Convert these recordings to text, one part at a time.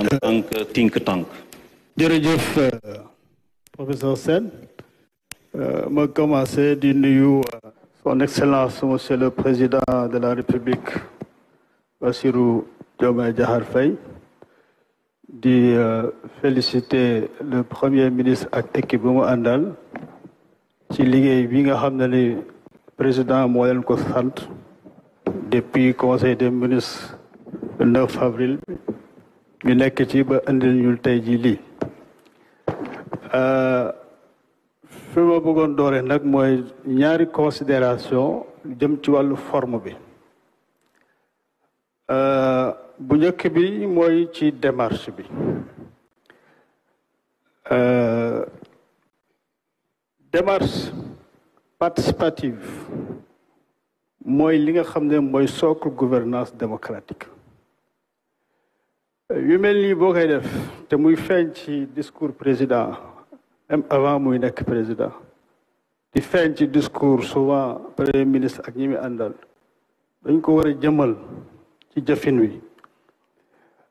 en tant que think ma commencé di nuyu son excellence monsieur le président de la république Bassirou Diomaye Diakhar Faye di uh, féliciter le premier ministre ak équipe bu mu àndal ci liggéey bi nga xam ne président moo leen ko sant depuis conseil des ministres le avril ñu nekk ci ba indil ñu tey jii lii euh, fi ma bëggoon doore nag mooy ñaari considération jëm ci wàllu forme bi euh, bu njëkk bi mooy ci démarche bi euh, démarche participative mooy li nga xam ne mooy socle gouvernance démocratique yu mel nii boo koy def te muy feeñ ci discours président avant muy nekk président di feeñ ci discours souvent premier ministre ak ñi muy àndal dañ ko war a jëmal ci jëfin wi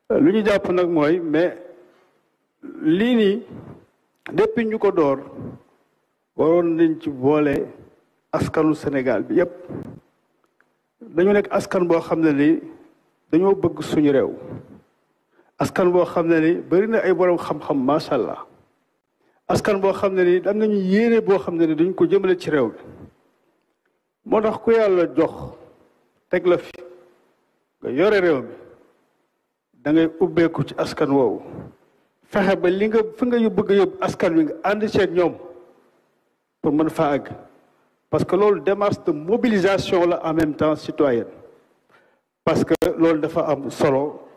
euh, lu ñu jàpp nag mooy mais lii nii depuis ñu ko door waroon lañ ci boole askanu senegal bi yépp dañu nekk askan boo xam ne ni dañoo bëgg suñu réew askan woo xam ne ni bëri na ay borom xam-xam macha allah askan woo xam ne ni am nañu yéene boo xam ne ni duñ ko jëmale ci réew bi moo tax ku yàlla jox teg la fi nga yore réew mi da ngay ubbeeku ci askan woowu fexe ba li nga fi nga bëgg a askan wi nga ànd ceeg ñoom pour mën faa àgg parce que loolu démarche de mobilisation la en même temps citoyenne parce que loolu dafa am solo.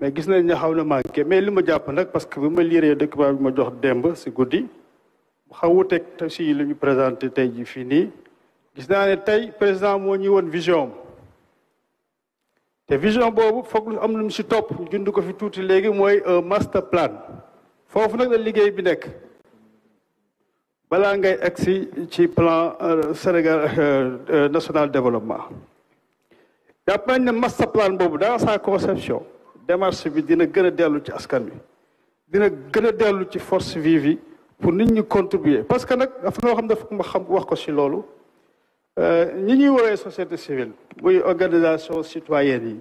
mais gis nañ ne xaw na manqué mais li ma jàpp nag parce que bi ma liiree document bi ma jox démb si guddi xawu teg si li ñu présenté tey ji fii nii gis naa ne tey président moo ñuy woon vision te vision boobu foog lu am lu mu si topp jund ko fi tuuti léegi mooy un master foofu nag la liggéey bi nekk balaa ngay agsi ci plan euh, Sénégal euh, euh, national développement jàpp nañ ne master plan boobu dans sa conception démarche bi dina gën a dellu ci askan wi dina gën a dellu ci force vive yi pour nit ñi contribuer parce que nag dafa loo xam dafa ma xam wax ko si loolu euh, ñi ñuy woowee société civile muy organisation citoyenne yi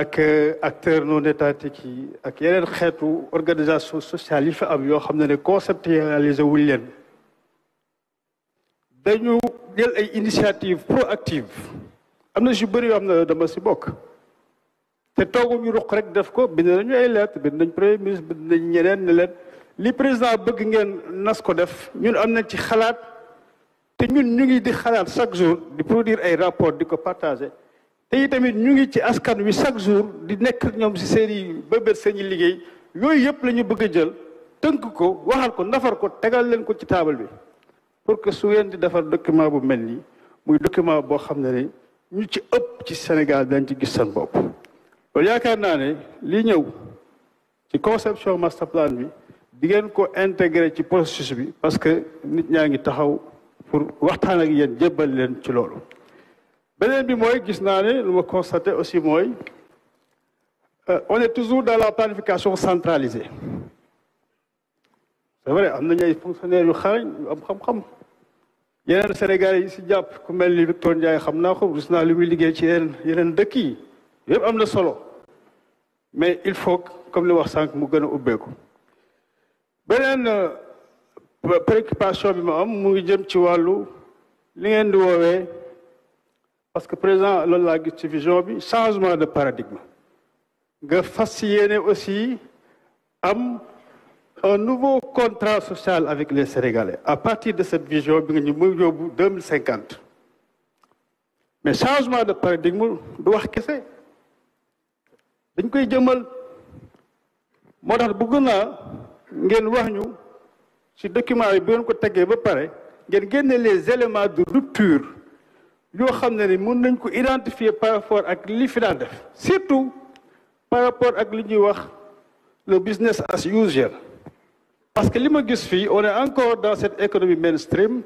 ak euh, acteurs non étatiques yi ak yeneen xeetu organisation sociale yi fa am yoo xam ne ne conceptualisé wuñ leen dañu jël ay initiative proactive am na si bëri yoo xam ne dama si bokk te tooguñu ruq rek def ko bind nañu ay lettre bind nañ premier ministre bi nañ ñeneen ne leen li président bëgg ngeen nas ko def ñun am nañ ci xalaat te ñun ñu ngi di xalaat chaque jour di produire ay rapport di ko partager te itamit ñu ngi ci askan wi chaque jour di nekk ñoom ci seen i bëbët seen liggéey yooyu yëpp la ñu bëgg a jël tënk ko waxal ko nafar ko tegal leen ko ci taabal bi pour que su ngeen di defar document bu mel nii muy document boo xam ne ni ñu ci ëpp ci Sénégal dañ ci gis seen bopp. kon yaakaar naa ne li ñëw ci conception master plan bi di ngeen ko intégré ci processus bi parce que nit ñaa ngi taxaw pour waxtaan ak yéen jébbal leen ci loolu. beneen bi mooy gis naa ne lu ma constaté aussi mooy euh, on est toujours dans la planification centralisée c'est vrai am nañu ay fonctionnaires yu xarañ yu am xam-xam. yeneen Sénégalais yi si jàpp ku mel ni Victor xam naa ko gis naa lu muy liggéey ci yeneen yeneen dëkk yi. yëpp am na solo mais il faut comme li wax sànq mu gën a ubbeeku beneen euh, préoccupation bi ma am mu ngi jëm ci wàllu li ngeen di woowee parce que président loolu laa gis ci vision bi changement de paradigme nga fas yéene aussi am un nouveau contrat social avec les Sénégalais à partir de cette vision bi nga ñu muy yóbbu deux mille cinquante mais changement de paradigme du wax kese dañ koy jëmal moo tax bëgg naa ngeen wax ñu ci document yi bu ngeen ko tegee ba pare ngeen génne les éléments de rupture yoo xam ne ni mën nañ ko identifier par rapport ak li fi daan def surtout par rapport ak li ñuy wax le business as usual parce que li ma gis fii on est encore dans cette économie mainstream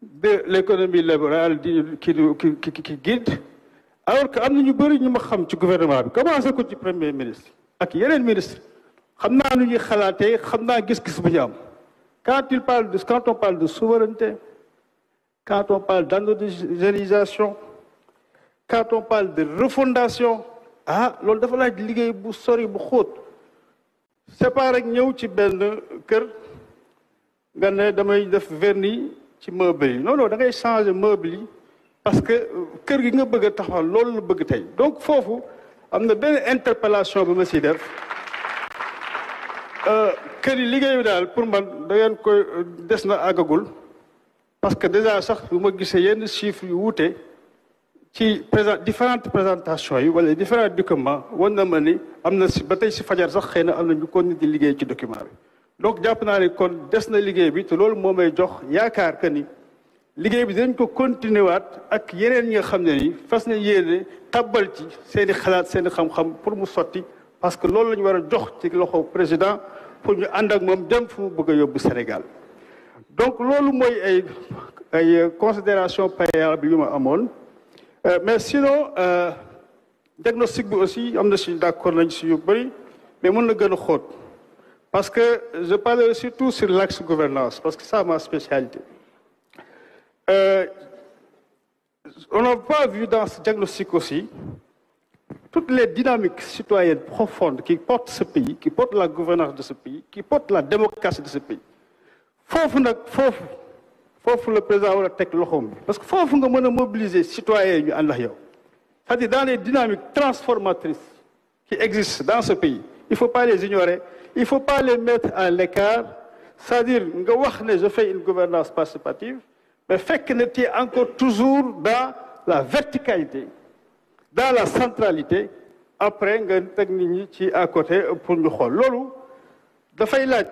de l'économie libérale qui qui ki guide alors que am na ñu bëri ñu ma xam ci gouvernement bi commencé ko ci premier ministre ak yeneen ministre xam naa nu ñuy xalaatee xam naa gis-gis bu ñu am quand de quand on parle de souveraineté quand on de refondation ah loolu dafa laaj liggéey bu sori bu xóot c'est pas rek ñëw ci benn kër nga ne damay def vernis ci meuble yi non non da ngay changer meuble yi parce que euh, kër gi nga bëgg a taxawal loolu la bëgg tey donc foofu am na benn interpellation bi ma siy def euh, kër yi liggéeyu daal pour man dangeen ngeen koy euh, des na àggagul parce que déjà sax bu ma gisee yenn chiffres yu wute ci présent présentation présentations yi wala différents documents wan na ma ni am na si ba tey si fajar sax xëy na am na ñu kon di liggéey ci document bi donc jàpp naa ni kon des na liggéey bi te loolu moom may jox yaakaar que ni liggéey bi dañ ko continuer waat ak yeneen ñi nga xam ne ni fas nañ yéene tabbal ci seen i xalaat seen i xam-xam pour mu sotti parce que loolu lañu war a jox ci loxo président pour ñu ànd ak moom jëm fu mu bëgg a yóbbu Sénégal. donc loolu mooy ay ay considération préalable yu ma amoon euh, mais sinon euh, diagnostic bi aussi am na si d'accord nañ si yu bëri mais mën na gën a xóot parce que je parle surtout sur l'axe gouvernance parce que ça ma spécialité. Euh, on n'a pas vu dans ce diagnostic aussi toutes les dynamiques citoyennes profondes qui portent ce pays, qui portent la gouvernance de ce pays, qui portent la démocratie de ce pays. foofu nag foofu foofu le président war a teg loxoom parce que foofu nga mën a mobiliser citoyens ñu ànd ak yow cest dire dans les dynamiques transformatrices qui existent dans ce pays il faut pas les ignorer il faut pas les mettre à l'écart c'est-à-dire nga wax ne je fais une mais fekk na tu es encore toujours dans la verticalité dans la centralité après nga teg nit ci à côté pour ñu xool loolu dafay laaj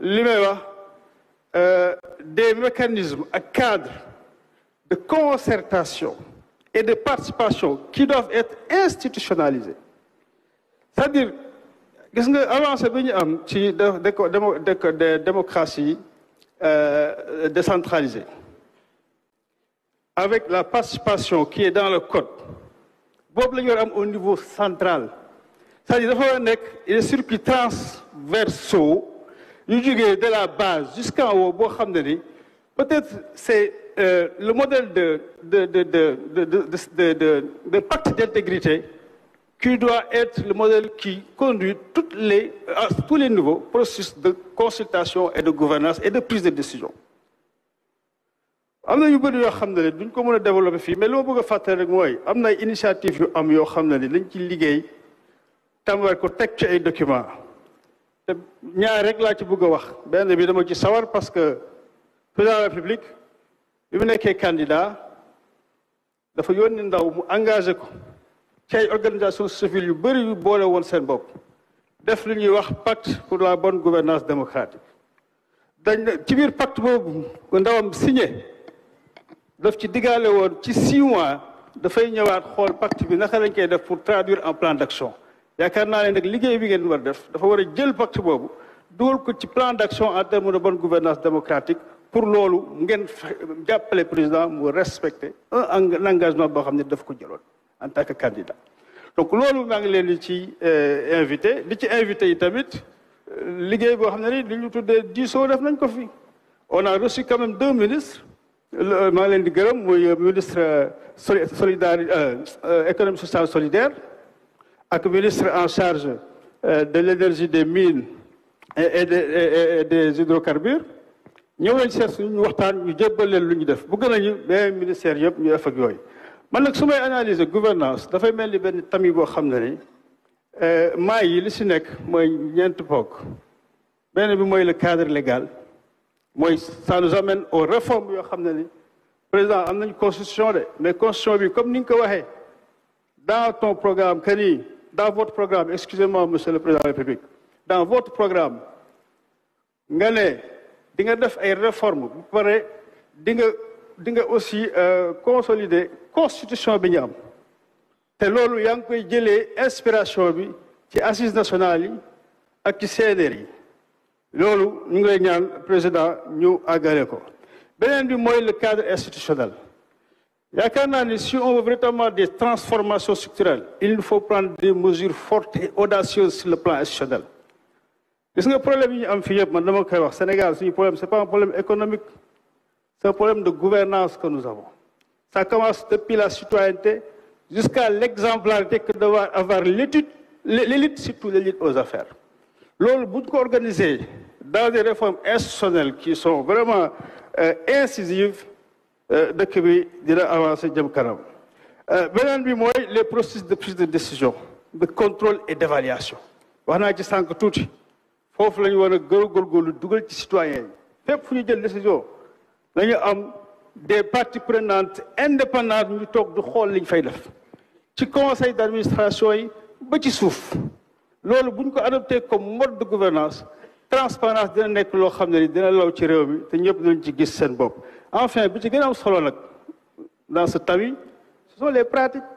li may wax euh, des mécanismes ak cadres de concertation et de participation qui doivent être institutionnalisés c'est-à-dire gis nga avancé bi ñu am ci démocratie euh, décentralisée avec la participation qui est dans le code boobu la ñu war am au niveau central c'est-à-dire dafa war a nekk les circuits transversaux ñu jugee de la base jusqu'en haut boo xam ne ni peut-être c'est euh, le modèle de de de de de de de de pacte d'intégrité qui doit être le modèle qui conduit toutes les à euh, tous les niveaux processus de consultation et de gouvernance et de prise de décision am na yu bëri yoo xam ne duñ ko mën a développer fii mais li ma bëgg a fàttali rek mooy am na initiative yu am yoo xam ne ni lañ ci liggéey tàmbali ko teg ci ay document te ñaar rek laa ci bëgg a wax benn bi dama ci sawar parce que président de la république bi mu nekkee candidat dafa yónni ndaw mu engagé ko ci ay organisation civile yu bëri yu boole woon seen bopp def lu ñuy wax pacte pour la bonne gouvernance démocratique dañ ci biir pacte boobu ndawam signé daf ci diggaale woon ci six mois dafay ñëwaat xool pacte bi naka lañ koy def pour traduire en plan d' yaakaar naa ne nag liggéey bi ngeen war def dafa war a jël pacte boobu dugal ko ci plan d' action en terme de bonne gouvernance démocratique pour loolu ngeen jàppale président mu respecter un engagement boo xam ne daf ko jëloon en tant que candidat donc loolu maa ngi leen di ci euh, invité li ci invité yi tamit euh, liggéey boo xam ne ni li ñu tuddee diisoo def nañ ko fi on a reçu quand deux ministres maa leen di gërëm muy ministre solidari euh, euh, économie sociale solidaire ak ministre en charge euh, de l'énergie des mines et de des hydrocarbures ñëw nañ seet suñu waxtaan ñu jébbal lu ñu def bëgg nañu benn ministère yëpp ñu def ak yooyu. man nag su may analyser gouvernance dafay mel ni benn tamit boo xam ne ni maay yi li si nekk mooy ñeent pook benn bi mooy le cadre légal. mooy ça nous amène aux réformes yoo xam ne ni président am nañ constitution de mais constitution bi comme ni nga ko waxee dans ton programme que ni dans votre programme excusez-moi monsieur le président de la république dans votre programme nga ne di nga def ay réformes bu pare di nga di nga aussi euh, consolider constitution bi ñu am te loolu yaa ngi koy jëlee inspiration bi ci assises nationales yi ak ci CNR yi loolu ñu ngi lay ñaan président ñu àggale ko beneen bi mooy le cadre institutionnel yaakaar naa ni si on veut véritablement des transformations structurelles il nous faut prendre des mesures fortes et audacieuses sur le plan institutionnel gis nga problème yi ñu am fii yëpp man dama koy wax Sénégal suñu problème c'est pas un problème économique c'est un problème de gouvernance que nous avons ça commence depuis la citoyenneté jusqu'à l'exemplarité que doit avoir l'étude l'élite surtout l'élite aux affaires loolu bu ñu dans des réformes institutionnelles qui sont vraiment euh, incisives euh, dëkk bi dina avancer jëm kanam euh, beneen bi mooy les processus de prise de décision de contrôle et d'évaluation wax naa ci sànq tuuti foofu la ñu war a gën a góorgóorlu dugal ci citoyen yi fépp fu ñu jël décision dañu am des parties prenantes indépendantes ñu toog du xool liñ fay def ci conseil d'administration yi ba ci suuf loolu bu ñu ko adopté comme mode de gouvernance transparence dina nekk loo xam ne ni dina law ci réew mi te ñëpp duñ ci gis seen bopp enfin bi ci gën solo nag dans ce tawi ce sont les pratiques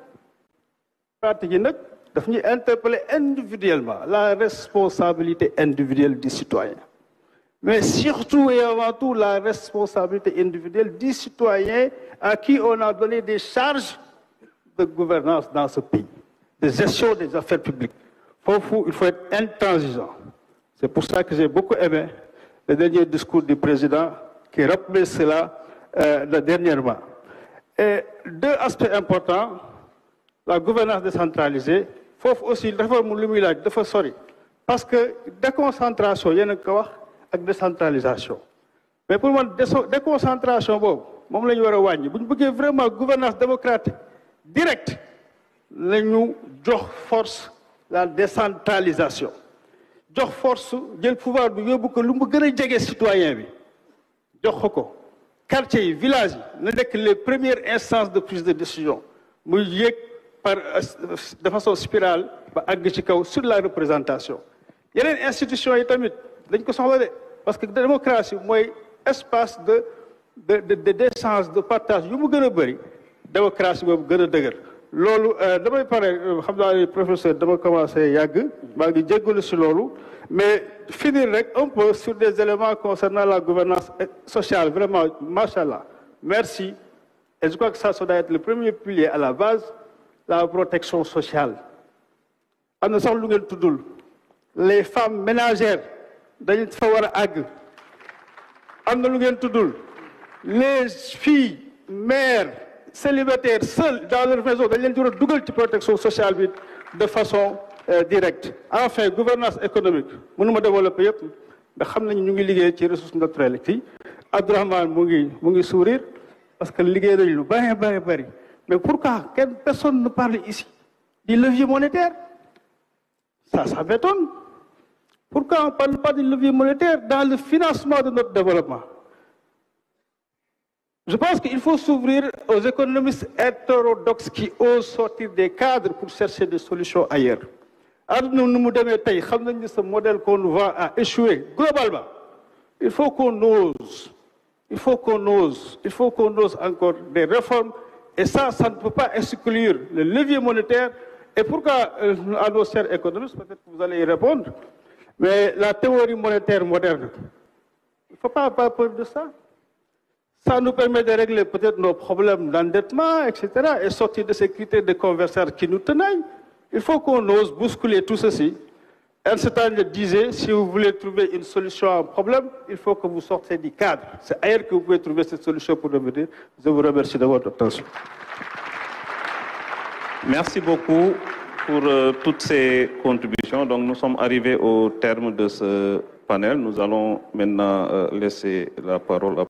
pratiques yi nag daf ñuy interpeller individuellement la responsabilité individuelle du citoyen mais surtout et avant tout la responsabilité individuelle du citoyen à qui on a donné des charges de gouvernance dans ce pays de gestion des affaires publiques foofu il faut être intransigeant C'est pour ça que j'ai beaucoup aimé le dernier discours du président qui rappelait cela euh, dernièrement. Et deux aspects importants, la gouvernance décentralisée, foofu aussi dafa mu lu muy laaj dafa sori parce que déconcentration yéen a ko wax ak décentralisation mais pour man déconcentration boobu moom la ñu war a wàññi bu ñu bëggee vraiment gouvernance démocratique directe la ñu jox force la décentralisation jox force jël pouvoir bi yóbbu ko lu mu gën a jege citoyen bi jox ko ko quartier yi village yi na nekk les premières instances de prise de décision muy yéeg par euh, de façon spirale ba àgg ci kaw sur la représentation yeneen institutions yi tamit dañ ko soxla de parce que démocratie mooy espace de de de d'échange de partage yu mu gën a bëri démocratie boobu gën a dëgër loolu euh, damay pare euh, xam naa ne professeur dama commencé yàgg maa gi jéggalu si loolu mais finir rek un sur des éléments concernant la gouvernance euh, sociale vraiment machallah merci et je crois que ça ça doit être le premier pilier à la base la protection sociale am na sax lu ngeen tuddul les femmes ménagères dañu fa war a àgg am na lu ngeen tuddul les filles mères célibataires seuls dans leur maison dañ leen jur dugal ci protection sociale bi de façon euh, directe enfin gouvernance économique ma développer yëpp ndax xam nañu ñu ngi liggéey ci ressources naturelles fii Abdourahmane mu ngi mu ngi sourire parce que liggéey nañu lu bari bari bari mais pourquoi kenn personne ne parle ici du levier monétaire ça ça m'étonne pourquoi on ne parle pas du levier monétaire dans le financement de notre développement Je pense qu'il faut s'ouvrir aux économistes hétérodoxes qui osent sortir des cadres pour chercher des solutions ailleurs. Aduna nu mu demee tey xam nañ ne ce modèle qu'on voit a échoué globalement. Il faut qu'on ose. faut qu'on ose. Il faut qu'on ose encore des réformes et ça, ça ne peut pas exclure le levier monétaire. Et pourquoi, euh, à nos chers économistes, peut-être que vous allez y répondre, mais la théorie monétaire moderne, il faut pas avoir peur de ça. Ça nous permet de régler peut-être nos problèmes d'endettement, etc., et sortir de ces critères de conversaires qui nous tenaillent. Il faut qu'on ose bousculer tout ceci. Einstein le disait, si vous voulez trouver une solution à un problème, il faut que vous sortez du cadre. C'est ailleurs que vous pouvez trouver cette solution pour devenir. Je vous remercie de votre attention. Merci pour euh, toutes ces Donc nous sommes au terme de ce panel. Nous allons maintenant euh, laisser la parole à